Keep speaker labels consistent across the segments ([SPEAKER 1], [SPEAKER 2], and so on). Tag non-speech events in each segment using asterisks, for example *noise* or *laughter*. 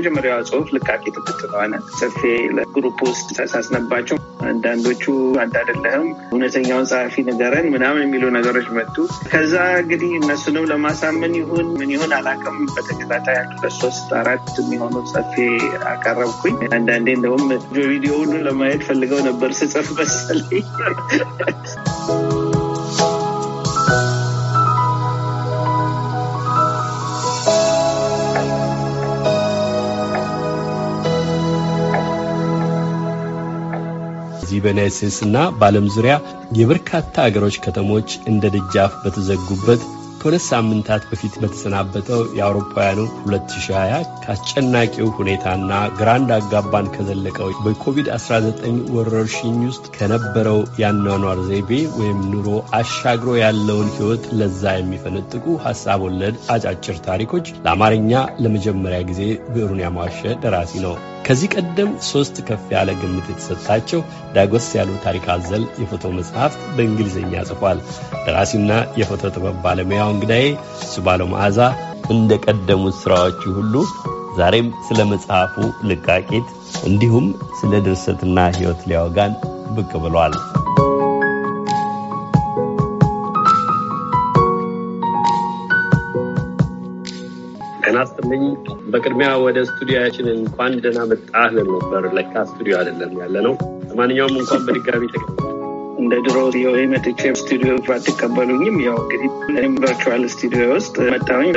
[SPEAKER 1] የመጀመሪያ ጽሁፍ ልቃቂ ትክትለዋ ናት። ጽፌ ለግሩፕ ውስጥ ተሳስነባቸው አንዳንዶቹ አንድ አደለህም እውነተኛውን ጸሐፊ ንገረን ምናምን የሚሉ ነገሮች መጡ። ከዛ እንግዲህ እነሱንም ለማሳመን ይሁን ምን ይሁን አላውቅም፣ በተከታታይ ሁለት ሶስት አራት የሚሆኑ ጽፌ አቀረብኩኝ። አንዳንዴ እንደውም በቪዲዮ ሁሉ ለማየት ፈልገው ነበር ስጽፍ መሰለኝ።
[SPEAKER 2] በዩናይት ስቴትስና በዓለም ዙሪያ የበርካታ አገሮች ከተሞች እንደ ደጃፍ በተዘጉበት ከሁለት ሳምንታት በፊት በተሰናበተው የአውሮፓውያኑ 2020 ከአስጨናቂው ሁኔታና ግራንድ አጋባን ከዘለቀው በኮቪድ-19 ወረርሽኝ ውስጥ ከነበረው ያኗኗር ዘይቤ ወይም ኑሮ አሻግሮ ያለውን ሕይወት ለዛ የሚፈነጥቁ ሀሳብ ወለድ አጫጭር ታሪኮች ለአማርኛ ለመጀመሪያ ጊዜ ብዕሩን ያሟሸ ደራሲ ነው። ከዚህ ቀደም ሶስት ከፍ ያለ ግምት የተሰጣቸው ዳጎስ ያሉ ታሪክ አዘል የፎቶ መጽሐፍት በእንግሊዝኛ ጽፏል። ደራሲና የፎቶ ጥበብ ባለሙያው እንግዳዬ ሱባለው መዓዛ እንደ ቀደሙት ስራዎቹ ሁሉ ዛሬም ስለ መጽሐፉ ልቃቂት እንዲሁም ስለ ድርሰትና ሕይወት ሊያወጋን ብቅ ብሏል። ይስጥልኝ። በቅድሚያ ወደ ስቱዲያችን እንኳን ደህና መጣህ ለነበር ለካ ስቱዲዮ አይደለም ያለ ነው። ለማንኛውም እንኳን በድጋሚ ተ
[SPEAKER 1] እንደ ድሮ ቪኦኤ መጥቼ ስቱዲዮ ባትቀበሉኝም
[SPEAKER 2] ያው እንግዲህ ቨርቹዋል ስቱዲዮ ውስጥ መጣሁኝ።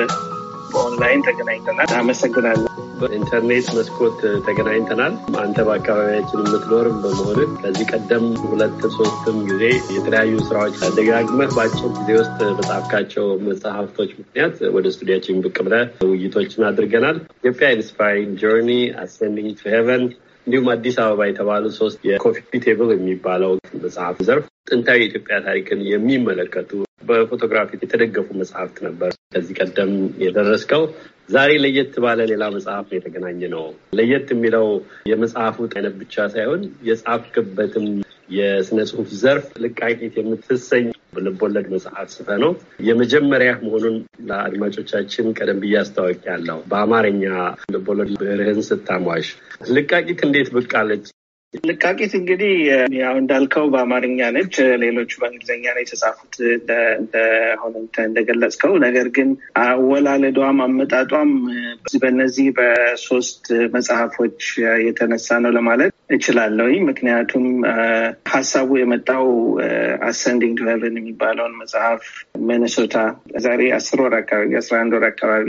[SPEAKER 2] በኦንላይን ተገናኝተናል። አመሰግናለሁ። በኢንተርኔት መስኮት ተገናኝተናል። አንተ በአካባቢያችን የምትኖርም በመሆን ከዚህ ቀደም ሁለት ሶስትም ጊዜ የተለያዩ ስራዎች ደጋግመህ በአጭር ጊዜ ውስጥ በጻፍካቸው መጽሐፍቶች ምክንያት ወደ ስቱዲያችን ብቅ ብለህ ውይይቶችን አድርገናል። ኢትዮጵያ ኢንስፓይሪንግ ጆርኒ፣ አሴንዲንግ ቱ ሄቨን እንዲሁም አዲስ አበባ የተባሉ ሶስት የኮፊ ቴብል የሚባለው መጽሐፍ ዘርፍ ጥንታዊ የኢትዮጵያ ታሪክን የሚመለከቱ በፎቶግራፊ የተደገፉ መጽሐፍት ነበር ከዚህ ቀደም የደረስከው። ዛሬ ለየት ባለ ሌላ መጽሐፍ የተገናኘ ነው። ለየት የሚለው የመጽሐፉ አይነት ብቻ ሳይሆን የጻፍክበትም የስነ ጽሁፍ ዘርፍ ልቃቂት የምትሰኝ ልቦለድ መጽሐፍ ስፈ ነው የመጀመሪያ መሆኑን ለአድማጮቻችን ቀደም ብዬ ያለው በአማርኛ ልቦለድ ብርህን ስታሟሽ ልቃቂት እንዴት ብቃለች? ልቃቂት
[SPEAKER 1] እንግዲህ ያው እንዳልከው በአማርኛ ነች። ሌሎቹ
[SPEAKER 2] በእንግሊዝኛ ነው የተጻፉት
[SPEAKER 1] እንደሆነ እንደገለጽከው። ነገር ግን አወላለዷም አመጣጧም በነዚህ በሶስት መጽሐፎች የተነሳ ነው ለማለት እችላለሁ። ምክንያቱም ሀሳቡ የመጣው አሰንዲንግ ቱ የሚባለውን መጽሐፍ ሚኒሶታ ዛሬ አስር ወር አካባቢ አስራ አንድ ወር አካባቢ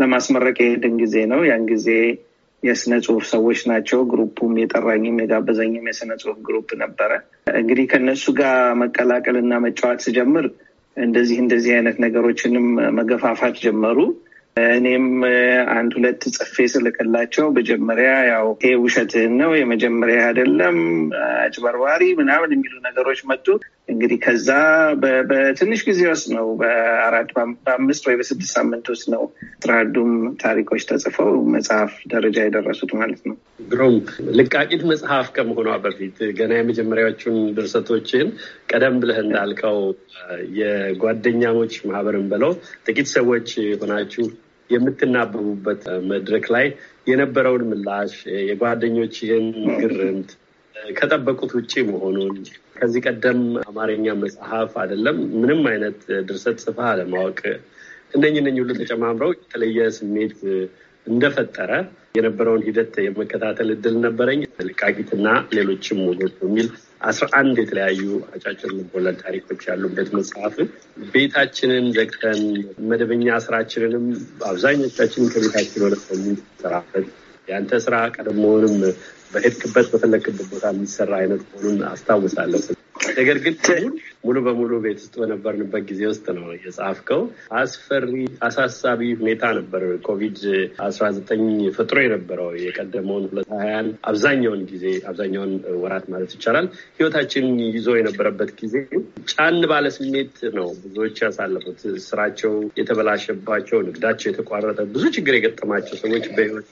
[SPEAKER 1] ለማስመረቅ የሄድን ጊዜ ነው ያን ጊዜ የስነ ጽሁፍ ሰዎች ናቸው። ግሩፑም የጠራኝም የጋበዘኝም የስነ ጽሁፍ ግሩፕ ነበረ። እንግዲህ ከነሱ ጋር መቀላቀል እና መጫወት ስጀምር እንደዚህ እንደዚህ አይነት ነገሮችንም መገፋፋት ጀመሩ። እኔም አንድ ሁለት ጽፌ ስልክላቸው መጀመሪያ ያው ይሄ ውሸትህን ነው የመጀመሪያ አይደለም አጭበርባሪ ምናምን የሚሉ ነገሮች መጡ። እንግዲህ ከዛ በትንሽ ጊዜ ውስጥ ነው በአራት በአምስት ወይ በስድስት ሳምንት ውስጥ ነው ትራዱም ታሪኮች ተጽፈው መጽሐፍ ደረጃ የደረሱት ማለት ነው።
[SPEAKER 2] ግሩም ልቃቂት መጽሐፍ ከመሆኗ በፊት ገና የመጀመሪያዎቹን ድርሰቶችን ቀደም ብለህ እንዳልከው የጓደኛሞች ማህበርን ብለው ጥቂት ሰዎች ሆናችሁ የምትናበቡበት መድረክ ላይ የነበረውን ምላሽ የጓደኞችህን ግርምት ከጠበቁት ውጭ መሆኑን ከዚህ ቀደም አማርኛ መጽሐፍ አይደለም ምንም አይነት ድርሰት ጽፋ አለማወቅ እነኝ እነኝ ሁሉ ተጨማምረው የተለየ ስሜት እንደፈጠረ የነበረውን ሂደት የመከታተል እድል ነበረኝ። ልቃቂትና ሌሎችም ውሎች በሚል አስራ አንድ የተለያዩ አጫጭር ልቦለድ ታሪኮች ያሉበት መጽሐፍ ቤታችንን ዘግተን መደበኛ ስራችንንም አብዛኞቻችን ከቤታችን ወደ ሰሚ ያንተ ስራ ቀድሞውንም በሄድክበት በፈለክበት ቦታ የሚሰራ አይነት መሆኑን አስታውሳለሁ። ነገር ግን ሙሉ በሙሉ ቤት ውስጥ በነበርንበት ጊዜ ውስጥ ነው የጻፍከው። አስፈሪ አሳሳቢ ሁኔታ ነበር ኮቪድ አስራ ዘጠኝ ፈጥሮ የነበረው የቀደመውን ሁለት ሀያን አብዛኛውን ጊዜ አብዛኛውን ወራት ማለት ይቻላል ህይወታችን ይዞ የነበረበት ጊዜ ጫን ባለ ስሜት ነው ብዙዎች ያሳለፉት። ስራቸው የተበላሸባቸው፣ ንግዳቸው የተቋረጠ፣ ብዙ ችግር የገጠማቸው ሰዎች በህይወት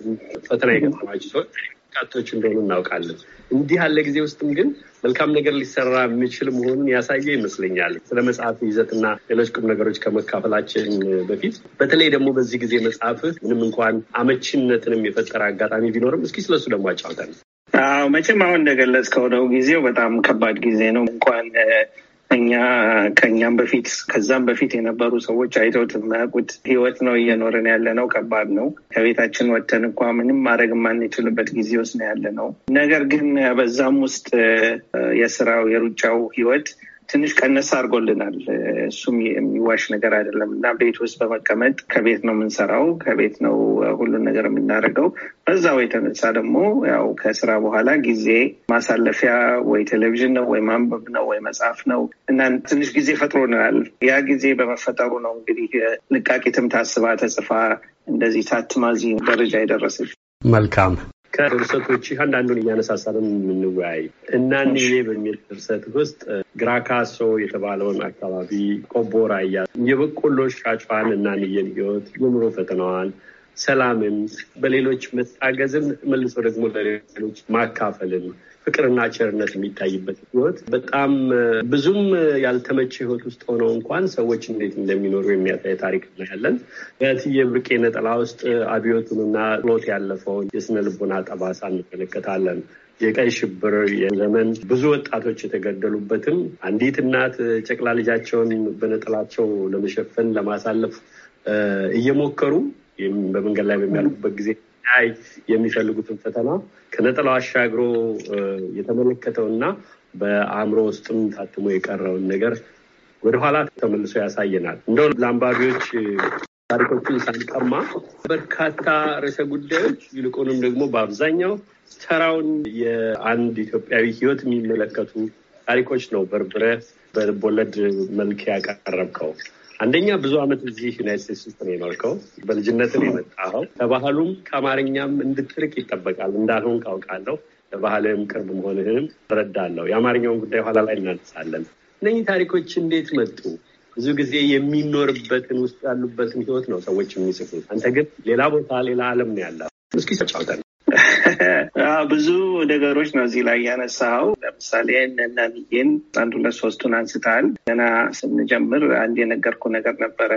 [SPEAKER 2] ፈተና የገጠማቸው ሰዎች በርካቶች እንደሆኑ እናውቃለን። እንዲህ ያለ ጊዜ ውስጥም ግን መልካም ነገር ሊሰራ የሚችል መሆኑን ያሳየ ይመስለኛል። ስለ መጽሐፍ ይዘትና ሌሎች ቁም ነገሮች ከመካፈላችን በፊት በተለይ ደግሞ በዚህ ጊዜ መጽሐፍ ምንም እንኳን አመቺነትንም የፈጠረ አጋጣሚ ቢኖርም እስኪ ስለሱ ደግሞ አጫውተን።
[SPEAKER 1] አዎ መቼም አሁን እንደገለጽከው ነው ጊዜው በጣም ከባድ ጊዜ ነው። እንኳን እኛ ከእኛም በፊት ከዛም በፊት የነበሩ ሰዎች አይተውት የማያውቁት ህይወት ነው እየኖርን ያለ ነው። ከባድ ነው። ከቤታችን ወጥተን እንኳ ምንም ማድረግ የማንችልበት ጊዜ ውስጥ ነው ያለ ነው። ነገር ግን በዛም ውስጥ የስራው የሩጫው ህይወት ትንሽ ቀነስ አድርጎልናል። እሱም የሚዋሽ ነገር አይደለም እና ቤት ውስጥ በመቀመጥ ከቤት ነው የምንሰራው፣ ከቤት ነው ሁሉን ነገር የምናደርገው። በዛው የተነሳ ደግሞ ያው ከስራ በኋላ ጊዜ ማሳለፊያ ወይ ቴሌቪዥን ነው ወይ ማንበብ ነው ወይ መጽሐፍ ነው እና ትንሽ ጊዜ ፈጥሮናል። ያ ጊዜ በመፈጠሩ ነው እንግዲህ ልቃቂትም ታስባ ተጽፋ እንደዚህ ታትማዚ ደረጃ
[SPEAKER 2] የደረሰች። መልካም ከርዕሰቶች አንዳንዱን እያነሳሳልን የምንወያይ እናንዬ በሚል ርዕሰት ውስጥ ግራካሶ የተባለውን አካባቢ ቆቦ ራያ የበቆሎ ሻጯን እናንዬን ህይወት የኑሮ ፈተናዋን ሰላምን በሌሎች መታገዝን መልሶ ደግሞ ለሌሎች ማካፈልን ፍቅርና ቸርነት የሚታይበት ህይወት በጣም ብዙም ያልተመቸ ህይወት ውስጥ ሆነው እንኳን ሰዎች እንዴት እንደሚኖሩ የሚያሳይ ታሪክ እናያለን። በትዬ ብርቄ ነጠላ ውስጥ አብዮቱንና ሎት ያለፈውን የስነ ልቦና ጠባሳ እንመለከታለን። የቀይ ሽብር የዘመን ብዙ ወጣቶች የተገደሉበትም አንዲት እናት ጨቅላ ልጃቸውን በነጠላቸው ለመሸፈን ለማሳለፍ እየሞከሩ በመንገድ ላይ በሚያልፉበት ጊዜ ለማያይ የሚፈልጉትን ፈተና ከነጠላው አሻግሮ የተመለከተውና በአእምሮ ውስጥም ታትሞ የቀረውን ነገር ወደኋላ ተመልሶ ያሳየናል። እንደው ለአንባቢዎች ታሪኮችን ሳንቀማ በርካታ ርዕሰ ጉዳዮች ይልቁንም ደግሞ በአብዛኛው ተራውን የአንድ ኢትዮጵያዊ ሕይወት የሚመለከቱ ታሪኮች ነው በርብረ በልቦለድ መልክ ያቀረብከው። አንደኛ ብዙ ዓመት እዚህ ዩናይት ስቴትስ ውስጥ ነው የኖርከው፣ በልጅነትን የመጣኸው። ከባህሉም ከአማርኛም እንድትርቅ ይጠበቃል። እንዳልሆን ካውቃለሁ። ለባህልም ቅርብ መሆንህንም እረዳለሁ። የአማርኛውን ጉዳይ ኋላ ላይ እናነሳለን። እነኚህ ታሪኮች እንዴት መጡ? ብዙ ጊዜ የሚኖርበትን ውስጥ ያሉበትን ህይወት ነው ሰዎች የሚጽፉት። አንተ ግን ሌላ ቦታ ሌላ ዓለም ነው ያለ። እስኪ ተጫውተን
[SPEAKER 1] ብዙ ነገሮች ነው እዚህ ላይ ያነሳው። ለምሳሌ ነናንዬን አንድ ሁለት ሶስቱን አንስተሃል። ገና ስንጀምር አንድ የነገርኩ ነገር ነበረ።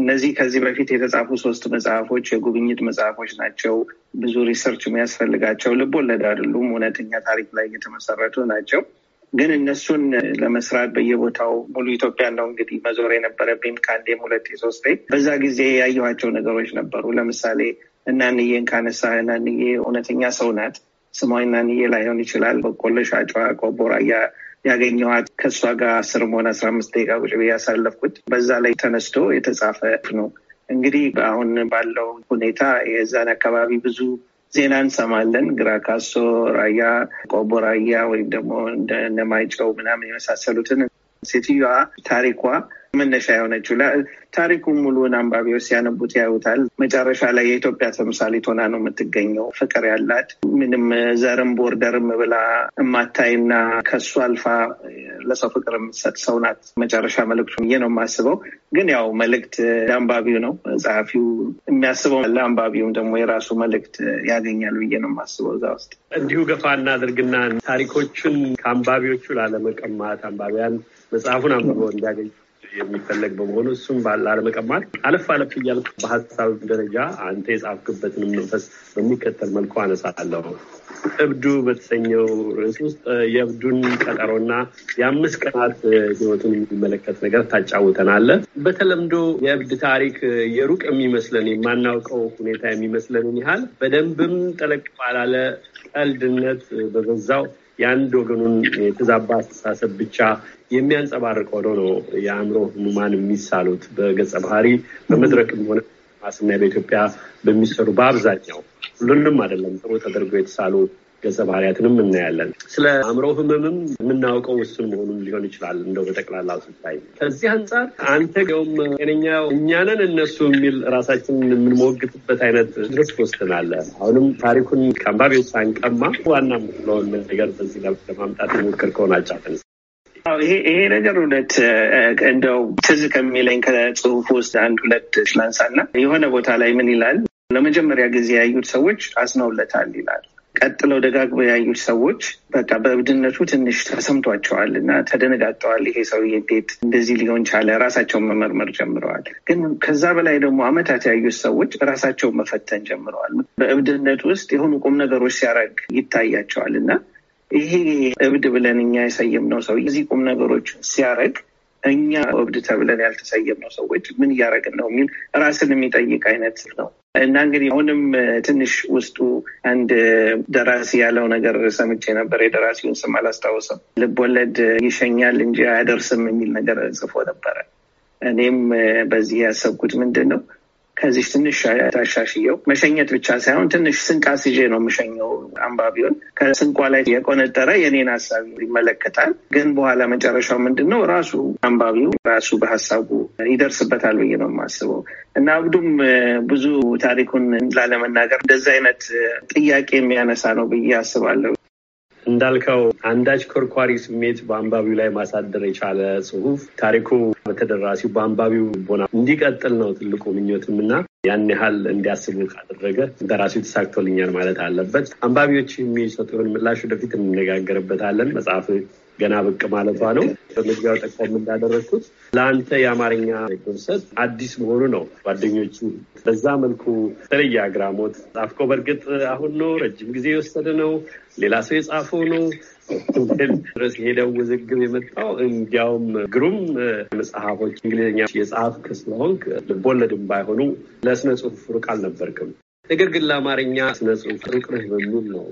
[SPEAKER 1] እነዚህ ከዚህ በፊት የተጻፉ ሶስት መጽሐፎች የጉብኝት መጽሐፎች ናቸው። ብዙ ሪሰርች የሚያስፈልጋቸው ልብ ወለድ አይደሉም። እውነተኛ ታሪክ ላይ የተመሰረቱ ናቸው። ግን እነሱን ለመስራት በየቦታው ሙሉ ኢትዮጵያ ነው እንግዲህ መዞር የነበረብኝ ከአንዴም ሁለቴ ሶስቴ። በዛ ጊዜ ያየኋቸው ነገሮች ነበሩ። ለምሳሌ እናንዬን ካነሳ እናንዬ እውነተኛ ሰው ናት። ስሟይና ንዬ ላይሆን ይችላል። በቆሎ ሻጫ ቆቦራያ ራያ ያገኘኋት ከእሷ ጋር አስር መሆን አስራ አምስት ደቂቃ ቁጭ ብዬ ያሳለፍኩት በዛ ላይ ተነስቶ የተጻፈ ነው። እንግዲህ አሁን ባለው ሁኔታ የዛን አካባቢ ብዙ ዜና እንሰማለን። ግራ ካሶ ራያ፣ ቆቦ ራያ ወይም ደግሞ እንደማይጨው ምናምን የመሳሰሉትን ሴትዮዋ ታሪኳ መነሻ የሆነችው ታሪኩን ሙሉን አንባቢዎች ሲያነቡት ያዩታል። መጨረሻ ላይ የኢትዮጵያ ተምሳሌት ሆና ነው የምትገኘው። ፍቅር ያላት ምንም ዘርም ቦርደርም ብላ እማታይና ከሱ አልፋ ለሰው ፍቅር የምትሰጥ ሰው ናት። መጨረሻ መልእክቱ ብዬ ነው የማስበው። ግን ያው መልዕክት ለአንባቢው ነው ጸሐፊው የሚያስበው፣ ለአንባቢውም ደግሞ የራሱ መልእክት ያገኛል ብዬ ነው የማስበው እዛ ውስጥ
[SPEAKER 2] እንዲሁ ገፋ እናድርግና ታሪኮቹን ከአንባቢዎቹ ላለመቀማት አንባቢያን መጽሐፉን አንብበው እንዲያገኙ የሚፈለግ በመሆኑ እሱም ላለመቀማት አለፍ አለፍ እያል በሀሳብ ደረጃ አንተ የጻፍክበትን መንፈስ በሚከተል መልኩ አነሳለሁ። እብዱ በተሰኘው ርዕስ ውስጥ የእብዱን ቀጠሮና የአምስት ቀናት ህይወቱን የሚመለከት ነገር ታጫውተናለህ። በተለምዶ የእብድ ታሪክ የሩቅ የሚመስለን የማናውቀው ሁኔታ የሚመስለንን ያህል በደንብም ጠለቅ ባላለ ቀልድነት በበዛው የአንድ ወገኑን የተዛባ አስተሳሰብ ብቻ የሚያንጸባርቅ ሆኖ ነው የአእምሮ ህሙማን የሚሳሉት በገጸ ባህሪ በመድረክም ሆነ ማስና በኢትዮጵያ በሚሰሩ በአብዛኛው ሁሉንም አይደለም ጥሩ ተደርጎ የተሳሉ ገጸ ባህሪያትንም እናያለን። ስለ አእምሮ ህመምም የምናውቀው ውስን መሆኑን ሊሆን ይችላል። እንደው በጠቅላላ ስታይ ከዚህ አንጻር አንተ ገውም ጤነኛ እኛንን እነሱ የሚል ራሳችንን የምንሞግትበት አይነት ድረስ ወስናለ። አሁንም ታሪኩን ከአንባቢዎች ሳንቀማ ዋና ምትለውን ነገር በዚህ ለማምጣት የሞክር ከሆነ አጫፍን
[SPEAKER 1] ይሄ ነገር እውነት እንደው ትዝ ከሚለኝ ከጽሁፍ ውስጥ አንድ ሁለት ላንሳና የሆነ ቦታ ላይ ምን ይላል ለመጀመሪያ ጊዜ ያዩት ሰዎች አዝነውለታል ይላል። ቀጥለው ደጋግበው ያዩት ሰዎች በቃ በእብድነቱ ትንሽ ተሰምቷቸዋል እና ተደነጋጠዋል። ይሄ ሰው እንዴት እንደዚህ ሊሆን ቻለ? ራሳቸውን መመርመር ጀምረዋል። ግን ከዛ በላይ ደግሞ አመታት ያዩት ሰዎች ራሳቸውን መፈተን ጀምረዋል። በእብድነት ውስጥ የሆኑ ቁም ነገሮች ሲያደርግ ይታያቸዋል እና ይሄ እብድ ብለን እኛ የሰየምነው ሰው እዚህ ቁም ነገሮች ሲያደርግ እኛ እብድ ተብለን ያልተሰየምነው ሰዎች ምን እያደረግን ነው የሚል ራስን የሚጠይቅ አይነት ነው። እና እንግዲህ አሁንም ትንሽ ውስጡ አንድ ደራሲ ያለው ነገር ሰምቼ ነበር። የደራሲውን ስም አላስታውስም። ልቦለድ ይሸኛል እንጂ አያደርስም የሚል ነገር ጽፎ ነበረ። እኔም በዚህ ያሰብኩት ምንድን ነው ከዚህ ትንሽ ታሻሽየው መሸኘት ብቻ ሳይሆን ትንሽ ስንቅ አስይዤ ነው የምሸኘው አንባቢውን። ከስንቋ ላይ የቆነጠረ የኔን ሀሳብ ይመለከታል። ግን በኋላ መጨረሻው ምንድን ነው ራሱ አንባቢው ራሱ በሀሳቡ ይደርስበታል ብዬ ነው የማስበው። እና አብዱም ብዙ ታሪኩን ላለመናገር እንደዚ አይነት ጥያቄ የሚያነሳ ነው ብዬ አስባለሁ።
[SPEAKER 2] እንዳልከው አንዳች ኮርኳሪ ስሜት በአንባቢው ላይ ማሳደር የቻለ ጽሁፍ ታሪኩ በተደራሲው በአንባቢው ቦና እንዲቀጥል ነው ትልቁ ምኞትም እና ያን ያህል እንዲያስቡ ካደረገ ደራሲው ተሳክቶልኛል ማለት አለበት። አንባቢዎች የሚሰጡን ምላሽ ወደፊት እንነጋገርበታለን። መጽሐፍ ገና ብቅ ማለቷ ነው። በመግቢያው ጠቀም እንዳደረግኩት ለአንተ የአማርኛ ድርሰት አዲስ መሆኑ ነው። ጓደኞቹ በዛ መልኩ ተለየ አግራሞት ጻፍከው። በእርግጥ አሁን ነው ረጅም ጊዜ የወሰደ ነው፣ ሌላ ሰው የጻፈው ነው ድረስ የሄደው ውዝግብ የመጣው እንዲያውም ግሩም መጽሐፎች እንግሊዝኛ የጻፍክ ስለሆንክ ልቦለድም ባይሆኑ ለስነ ጽሁፍ ሩቅ አልነበርክም። ነገር ግን ለአማርኛ ስነ ጽሁፍ ሩቅ ነህ በሚል ነው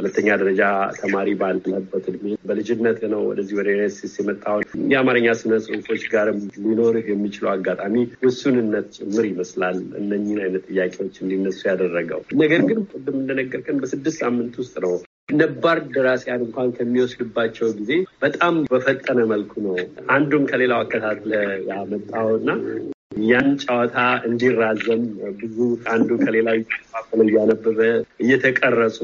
[SPEAKER 2] ሁለተኛ ደረጃ ተማሪ ባለበት እድሜ በልጅነት ነው ወደዚህ ወደ ዩኒቨርሲቲ ስቴትስ የአማርኛ ስነ ጽሁፎች ጋርም ሊኖርህ የሚችለው አጋጣሚ ውሱንነት ጭምር ይመስላል እነኝን አይነት ጥያቄዎች እንዲነሱ ያደረገው። ነገር ግን ቅድም እንደነገርከን በስድስት ሳምንት ውስጥ ነው ነባር ደራሲያን እንኳን ከሚወስድባቸው ጊዜ በጣም በፈጠነ መልኩ ነው አንዱም ከሌላው አከታትለ እና ያን ጨዋታ እንዲራዘም ብዙ አንዱ ከሌላው ፋፈል እያነበበ እየተቀረጹ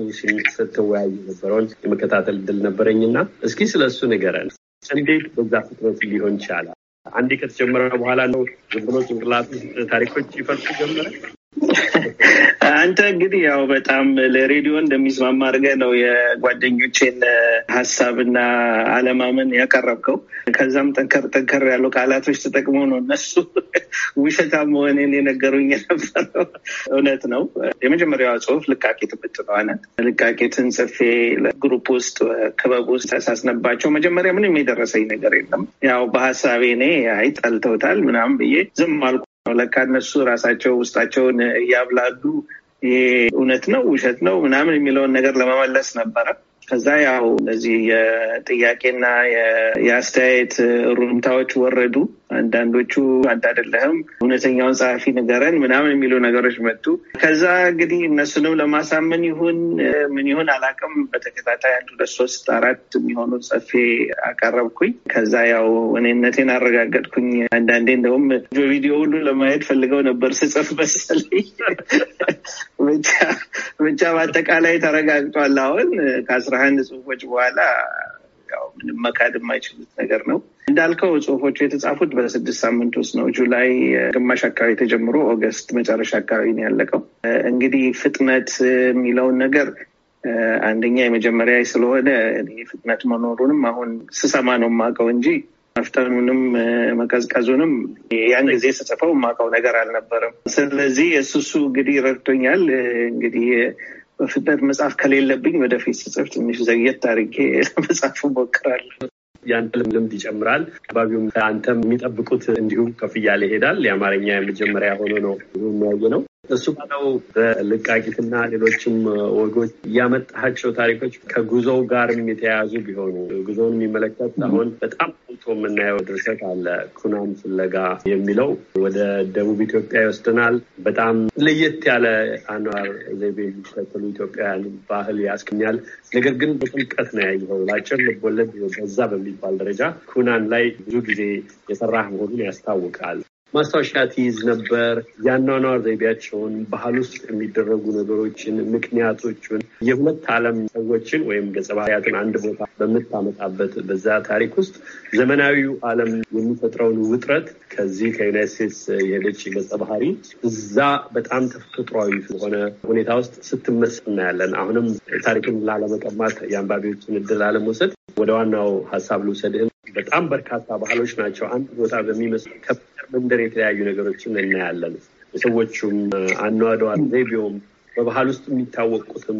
[SPEAKER 2] ስትወያዩ ነበረውን የመከታተል ድል ነበረኝ እስኪ ስለ እሱ ንገረን። እንዴት በዛ ፍጥነት ሊሆን ይቻላል? አንዴ ከተጀመረ በኋላ ነው ዝም ብሎ ጭንቅላት ታሪኮች ይፈልሱ ጀመረ።
[SPEAKER 1] አንተ እንግዲህ ያው በጣም ለሬዲዮ እንደሚስማማ አድርገህ ነው የጓደኞቼን ሀሳብና አለማመን ያቀረብከው። ከዛም ጠንከር ጠንከር ያሉ ቃላቶች ተጠቅመው ነው እነሱ ውሸታ መሆኔን የነገሩኝ የነበረው። እውነት ነው። የመጀመሪያዋ ጽሁፍ ልቃቄት ምትለዋነ ልቃቄትን ጽፌ ለግሩፕ ውስጥ ክበብ ውስጥ ተሳስነባቸው። መጀመሪያ ምንም የደረሰኝ ነገር የለም። ያው በሀሳቤ እኔ አይ ጠልተውታል ምናምን ብዬ ዝም አልኩ ለካ እነሱ ራሳቸው ውስጣቸውን እያብላሉ ይሄ እውነት ነው ውሸት ነው ምናምን የሚለውን ነገር ለመመለስ ነበረ። ከዛ ያው እነዚህ የጥያቄና የአስተያየት ሩምታዎች ወረዱ። አንዳንዶቹ አንድ አይደለህም፣ እውነተኛውን ጸሐፊ ንገረን ምናምን የሚሉ ነገሮች መጡ። ከዛ እንግዲህ እነሱንም ለማሳመን ይሁን ምን ይሁን አላውቅም፣ በተከታታይ አንድ ሁለት ሶስት አራት የሚሆኑ ጽፌ አቀረብኩኝ። ከዛ ያው እኔነቴን አረጋገጥኩኝ። አንዳንዴ እንደውም በቪዲዮ ሁሉ ለማየት ፈልገው ነበር ስጽፍ መሰለኝ። *laughs* ብቻ ብቻ በአጠቃላይ ተረጋግጧል አሁን ከአስራ አስራ አንድ ጽሁፎች በኋላ ያው ምንም መካድ የማይችሉት ነገር ነው። እንዳልከው ጽሁፎቹ የተጻፉት በስድስት ሳምንት ውስጥ ነው። ጁላይ ግማሽ አካባቢ ተጀምሮ ኦገስት መጨረሻ አካባቢ ነው ያለቀው። እንግዲህ ፍጥነት የሚለውን ነገር አንደኛ የመጀመሪያ ስለሆነ ፍጥነት መኖሩንም አሁን ስሰማ ነው የማውቀው እንጂ መፍጠኑንም መቀዝቀዙንም ያን ጊዜ ስጽፈው የማውቀው ነገር አልነበረም። ስለዚህ እሱ እሱ እንግዲህ ረድቶኛል። እንግዲህ
[SPEAKER 2] በፍጥነት መጽሐፍ ከሌለብኝ ወደፊት ስጽፍ ትንሽ ዘግየት አድርጌ ለመጽሐፍ እሞክራለሁ። ያን ልምድ ይጨምራል። አካባቢውም አንተም የሚጠብቁት እንዲሁም ከፍ እያለ ይሄዳል። የአማርኛ የመጀመሪያ ሆኖ ነው የሚያየ ነው። እሱ ባለው በልቃቂትና ሌሎችም ወጎች ያመጣቸው ታሪኮች ከጉዞው ጋርም የተያያዙ ቢሆኑ ጉዞውን የሚመለከት አሁን በጣም ቶ የምናየው ድርሰት አለ ኩናም ፍለጋ የሚለው ወደ ደቡብ ኢትዮጵያ ይወስደናል። በጣም ለየት ያለ አኗር ዘይቤ የሚከተሉ ኢትዮጵያውያን ባህል ያስገኛል። ነገር ግን በጥልቀት ነው ያየኸው። ላጭር ልቦለድ በዛ በሚባል ደረጃ ኩናን ላይ ብዙ ጊዜ የሰራህ መሆኑን ያስታውቃል። ማስታወሻ ትይዝ ነበር። ያኗኗር ዘይቤያቸውን፣ ባህል ውስጥ የሚደረጉ ነገሮችን፣ ምክንያቶቹን የሁለት ዓለም ሰዎችን ወይም ገጸ ባህሪያትን አንድ ቦታ በምታመጣበት በዛ ታሪክ ውስጥ ዘመናዊው ዓለም የሚፈጥረውን ውጥረት ከዚህ ከዩናይት ስቴትስ የሄደች ገጸ ባህሪ እዛ በጣም ተፈጥሯዊ የሆነ ሁኔታ ውስጥ ስትመስ እናያለን። አሁንም ታሪክን ላለመቀማት የአንባቢዎችን እድል አለመውሰድ ወደ ዋናው ሀሳብ ልውሰድህን በጣም በርካታ ባህሎች ናቸው። አንድ ቦታ በሚመስል ከፍ መንደር የተለያዩ ነገሮችን እናያለን። የሰዎቹም አኗኗር ዘይቤውም በባህል ውስጥ የሚታወቁትም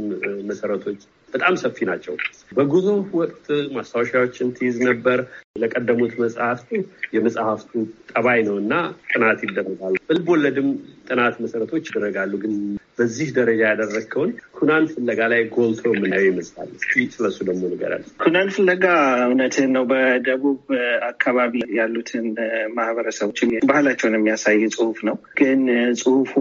[SPEAKER 2] መሰረቶች በጣም ሰፊ ናቸው። በጉዞ ወቅት ማስታወሻዎችን ትይዝ ነበር። ለቀደሙት መጽሐፍቱ የመጽሐፍቱ ጠባይ ነው እና ጥናት ይደረጋሉ። በልብ ወለድም ጥናት መሰረቶች ይደረጋሉ። ግን በዚህ ደረጃ ያደረግከውን ኩናን ፍለጋ ላይ ጎልቶ የምናየው ይመስላል። ስለሱ ደግሞ ንገራል።
[SPEAKER 1] ኩናን ፍለጋ እውነትህን ነው። በደቡብ አካባቢ ያሉትን ማህበረሰቦች ባህላቸውን የሚያሳይ ጽሁፍ ነው። ግን ጽሁፉ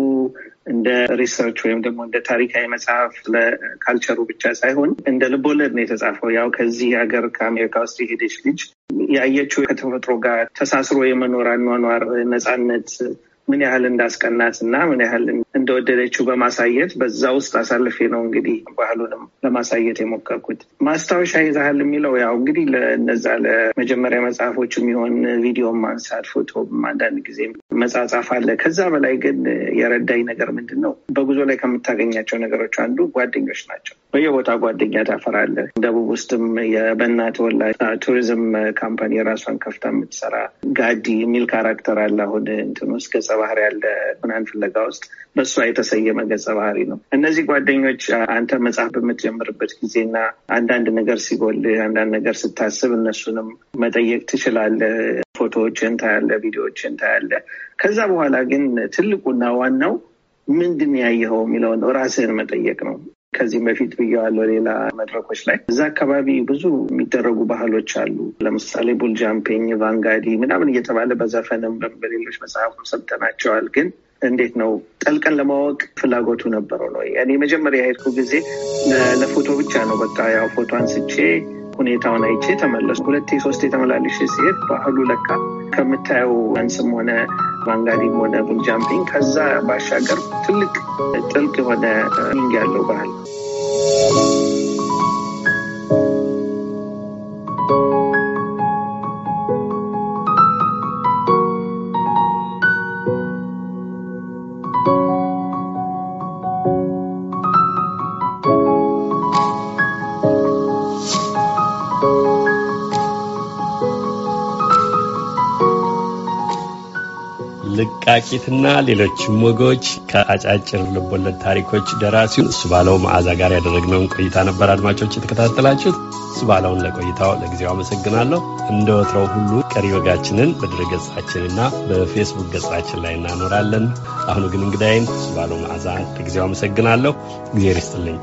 [SPEAKER 1] እንደ ሪሰርች ወይም ደግሞ እንደ ታሪካዊ መጽሐፍ ለካልቸሩ ብቻ ሳይሆን እንደ ልቦለድ ነው የተጻፈው። ያው ከዚህ ሀገር ከአሜሪካ ውስጥ የሄደች ልጅ ያየችው ከተፈጥሮ ጋር ተሳስሮ የመኖር አኗኗር ነፃነት ምን ያህል እንዳስቀናት እና ምን ያህል እንደወደደችው በማሳየት በዛ ውስጥ አሳልፌ ነው እንግዲህ ባህሉንም ለማሳየት የሞከርኩት። ማስታወሻ ይዛሃል የሚለው ያው እንግዲህ ለነዛ ለመጀመሪያ መጽሐፎች የሚሆን ቪዲዮ ማንሳት፣ ፎቶ አንዳንድ ጊዜ መጻጻፍ አለ። ከዛ በላይ ግን የረዳኝ ነገር ምንድን ነው? በጉዞ ላይ ከምታገኛቸው ነገሮች አንዱ ጓደኞች ናቸው። በየቦታ ጓደኛ ታፈራለህ። ደቡብ ውስጥም የበና ተወላጅ ቱሪዝም ካምፓኒ የራሷን ከፍታ የምትሰራ ጋዲ የሚል ካራክተር አለ። አሁን እንትን ውስጥ ገጸ ባህሪ ያለ ምናምን ፍለጋ ውስጥ በእሷ የተሰየመ ገጸ ባህሪ ነው። እነዚህ ጓደኞች አንተ መጽሐፍ በምትጀምርበት ጊዜና አንዳንድ ነገር ሲጎልህ፣ አንዳንድ ነገር ስታስብ እነሱንም መጠየቅ ትችላለህ። ፎቶዎችን ታያለ፣ ቪዲዮዎችን ታያለ። ከዛ በኋላ ግን ትልቁና ዋናው ምንድን ያየኸው የሚለው ነው ራስህን መጠየቅ ነው። ከዚህም በፊት ብያዋለው ሌላ መድረኮች ላይ እዛ አካባቢ ብዙ የሚደረጉ ባህሎች አሉ። ለምሳሌ ቡልጃምፔኝ፣ ቫንጋዲ ምናምን እየተባለ በዘፈንም በሌሎች መጽሐፍም ሰምተናቸዋል። ግን እንዴት ነው ጠልቀን ለማወቅ ፍላጎቱ ነበረው ነው። እኔ መጀመሪያ የሄድኩ ጊዜ ለፎቶ ብቻ ነው። በቃ ያው ፎቶ አንስቼ ሁኔታውን አይቼ ተመለስኩ። ሁለቴ ሶስቴ ተመላልሼ ሲሄድ ባህሉ ለካ ከምታየው አንስም ሆነ ማንጋሪም ሆነ ቡንጃምፒንግ ከዛ ባሻገር ትልቅ ጥልቅ የሆነ ሚንግ ያለው ባህል
[SPEAKER 2] ልቃቂትና ሌሎችም ወጎች ከአጫጭር ልቦለድ ታሪኮች ደራሲው እሱ ባለው መዓዛ ጋር ያደረግነውን ቆይታ ነበር አድማጮች የተከታተላችሁት። እሱ ባለውን ለቆይታው ለጊዜው አመሰግናለሁ። እንደ ወትረው ሁሉ ቀሪ ወጋችንን በድረ ገጻችንና በፌስቡክ ገጻችን ላይ እናኖራለን። አሁኑ ግን እንግዳይን እሱ ባለው መዓዛ ለጊዜው አመሰግናለሁ። እግዜር ይስጥልኝ።